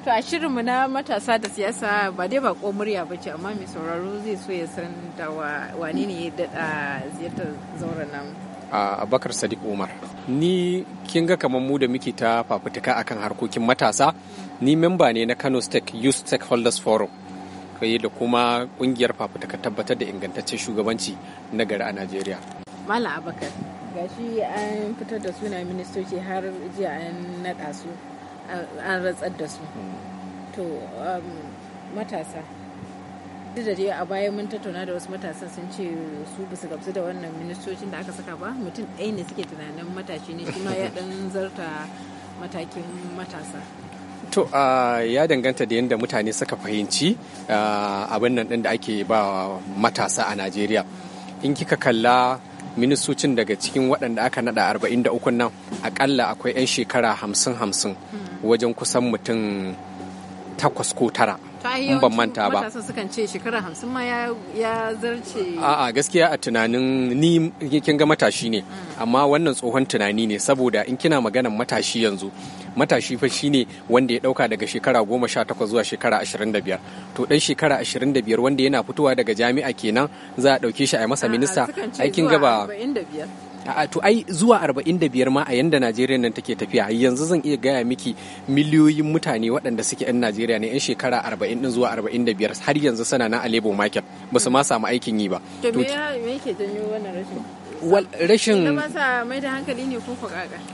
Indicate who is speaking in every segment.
Speaker 1: To a shirinmu na matasa da siyasa ba dai ba murya ba ce amma mai sauraro zai so ya san da wani ne ya daɗa ziyartar zauren nan
Speaker 2: a bakar sadiq umar ni kin ga kamar mu da muke ta fafutuka akan harkokin matasa ni memba ne na kano state youth stakeholders forum kai da kuma kungiyar fafutuka tabbatar da ingantaccen shugabanci na gari a najeriya
Speaker 1: malam abakar gashi an fitar da suna ministoci har jiya an naɗa su an ratsar da su to um, matasa duk da dai a baya mun tattauna da wasu matasa sun ce su basu gamsu da wannan ministocin da aka saka ba mutum ɗaya ne suke tunanin matashi ne shi ya ɗan zarta matakin matasa
Speaker 2: to ya danganta da yadda mutane suka fahimci abin nan ɗin da ake ba matasa a najeriya in kika kalla ministocin daga cikin waɗanda aka naɗa arba'in 43 nan akalla akwai 'yan shekara hamsin hamsin hmm. wajen kusan mutum takwas ko tara
Speaker 1: in ban manta ba matasa sukan ce shekara hamsin ma ya zarce
Speaker 2: a'a gaskiya a tunanin ni kin ga matashi ne mm. amma wannan tsohon tunani ne saboda in kina maganan matashi yanzu matashi fa shine wanda ya dauka daga shekara goma sha takwas zuwa shekara ashirin da biyar to dan shekara ashirin da biyar wanda yana fitowa daga jami'a kenan za a dauke shi a masa minista aikin gaba a to ai zuwa 45 ma a yanda Najeriya nan take tafiya yanzu zan iya gaya miki miliyoyin mutane waɗanda suke 'yan Najeriya ne 'yan shekara 40 din zuwa arba'in da biyar har yanzu suna na a labor market ba su ma samu aikin yi ba to me
Speaker 1: yake janyo wannan
Speaker 2: rashin rashin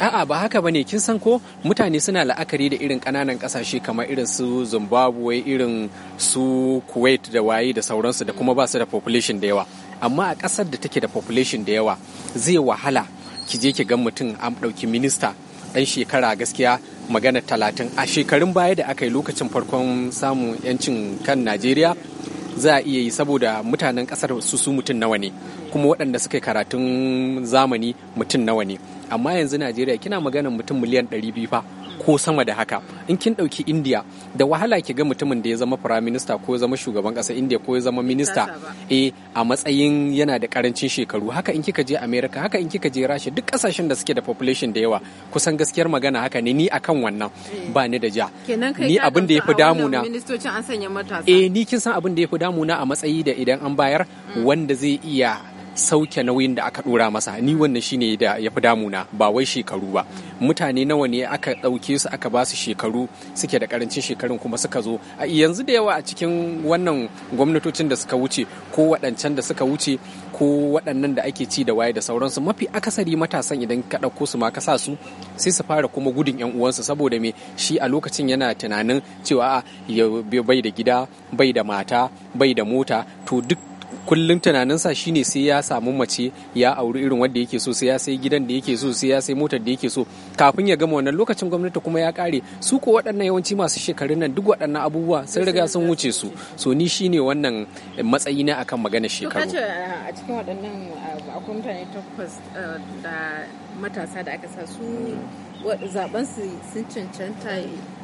Speaker 2: a'a ba haka bane kin san ko mutane suna la'akari da irin kananan kasashe kamar irin su zimbabwe irin su kuwait da waye da sauransu da kuma ba su da population da yawa amma a kasar da take da population da yawa zai wahala ki je ki ga mutum an ɗauki minista Ɗan shekara gaskiya magana talatin a shekarun baya da aka yi lokacin farkon samun yancin kan najeriya za a iya yi saboda mutanen ƙasar su su mutum nawa ne kuma waɗanda suka yi karatun zamani mutum nawa ne amma yanzu najeriya kina maganar mutum miliyan 200 fa ko sama da haka in kin ɗauki india da wahala ki ga mutumin da ya zama prime minister ko ya zama shugaban ƙasa india ko ya zama minista eh a matsayin yana da karancin shekaru haka in kika je america haka in kika je rasha duk kasashen da suke da population da yawa kusan gaskiyar magana haka ne ni akan wannan eh. ba ni da ja ni abin da ya fi damuna eh ni kin san abin da ya fi na a matsayi da idan an bayar mm. wanda zai iya sauke nauyin da aka dora masa ni wannan shine da ya fi damuna ba wai shekaru ba mutane nawa ne aka ɗauke su aka ba su shekaru suke da karancin shekarun kuma suka zo a yanzu da yawa a cikin wannan gwamnatocin da suka wuce ko waɗancan da suka wuce ko waɗannan da ake ci da waye da sauransu mafi akasari matasan idan ka ɗauko su ma ka sa su sai su fara kuma gudun yan uwansu saboda me shi a lokacin yana tunanin cewa bai da gida bai da mata bai da mota to duk kullum tunaninsa shine sai ya samu mace ya auri irin wanda yake so sai ya sai gidan da yake so sai ya sai motar da yake so kafin ya gama wannan lokacin gwamnati kuma ya kare su ko waɗannan yawanci masu shekarun nan duk waɗannan abubuwa sun riga sun wuce su so ni shine wannan matsayi na akan magana shekaru
Speaker 1: a cikin waɗannan akwai mutane takwas eh, da matasa da aka sa su zaben sun cancanta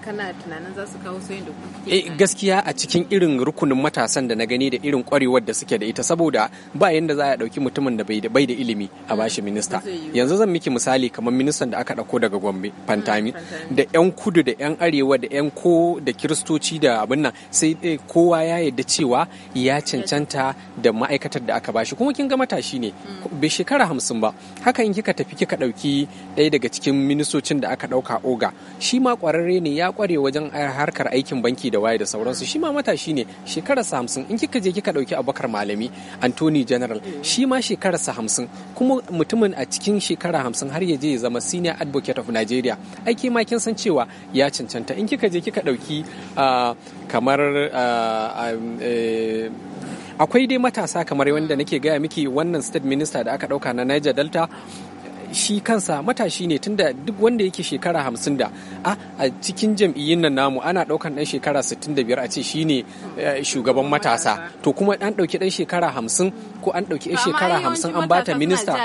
Speaker 1: kana tunanin za su kawo sayin da kuke eh,
Speaker 2: gaskiya a cikin irin rukunin matasan da na gani da irin kwarewar da suke da ita saboda ba yanda za a dauki mutumin da bai da ilimi a bashi hmm, minista yanzu zan miki misali kamar ministan da aka dauko daga Gombe hmm, Fantami da yan kudu da yan arewa da yan ko da kiristoci da abin nan sai kowa ya yadda cewa ya cancanta da ma'aikatar da aka bashi kuma kin ga matashi ne hmm. bai shekara hamsin ba haka in kika tafi kika dauki ɗaya daga cikin ministoci motocin da aka ɗauka oga shi ma ƙwararre ne ya ƙware wajen harkar aikin banki da waye da sauransu shi ma matashi ne shekararsa hamsin in kika je kika ɗauki abakar malami antoni general shi ma shekararsa hamsin kuma mutumin a cikin shekara hamsin har ya je ya zama senior advocate of nigeria aiki ma kin san cewa ya cancanta in kika je kika ɗauki ah, kamar ah, eh, akwai dai matasa kamar wanda nake gaya miki wannan state minister da aka ɗauka na niger delta shi kansa matashi ne tunda duk wanda yake shekara hamsin da a cikin jam'iyyun nan namu ana ɗaukan ɗan shekara sittin da biyar a ce shi ne eh, shugaban matasa to kuma an ɗauki ɗan shekara hamsin ko an ɗauki ɗan shekara hamsin an bata minista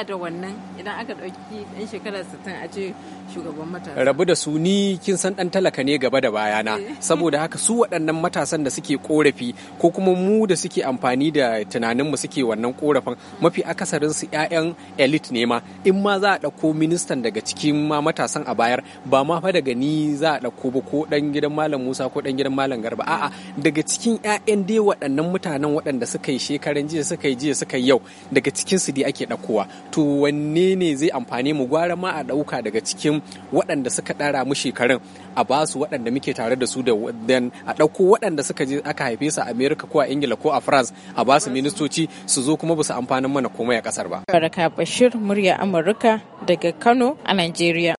Speaker 1: idan aka ɗauki ɗan shekara sittin a ce shugaban matasa
Speaker 2: rabu da su ni kin san ɗan talaka ne gaba da bayana eh. saboda haka su waɗannan matasan da suke korafi ko kuma mu da suke amfani da tunaninmu suke wannan korafin mafi akasarin su 'ya'yan elite ne ma in ma za a ɗauko ministan daga cikin ma matasan a bayar ba ma fa daga ni za a ɗauko ba ko ɗan gidan malam musa ko ɗan gidan malam garba a'a daga cikin 'ya'yan dai waɗannan mutanen waɗanda suka yi shekaran jiya suka yi jiya suka yi yau daga cikin su dai ake ɗaukowa to wanne ne zai amfani mu gwara ma a ɗauka daga cikin waɗanda suka ɗara mu shekarun a ba su waɗanda muke tare da su da a ɗauko waɗanda suka je aka haife su a america ko a ingila ko a france a ba su ministoci su zo kuma ba su amfanin mana komai a kasar ba.
Speaker 1: Baraka Bashir murya Amurka daga Kano a Najeriya.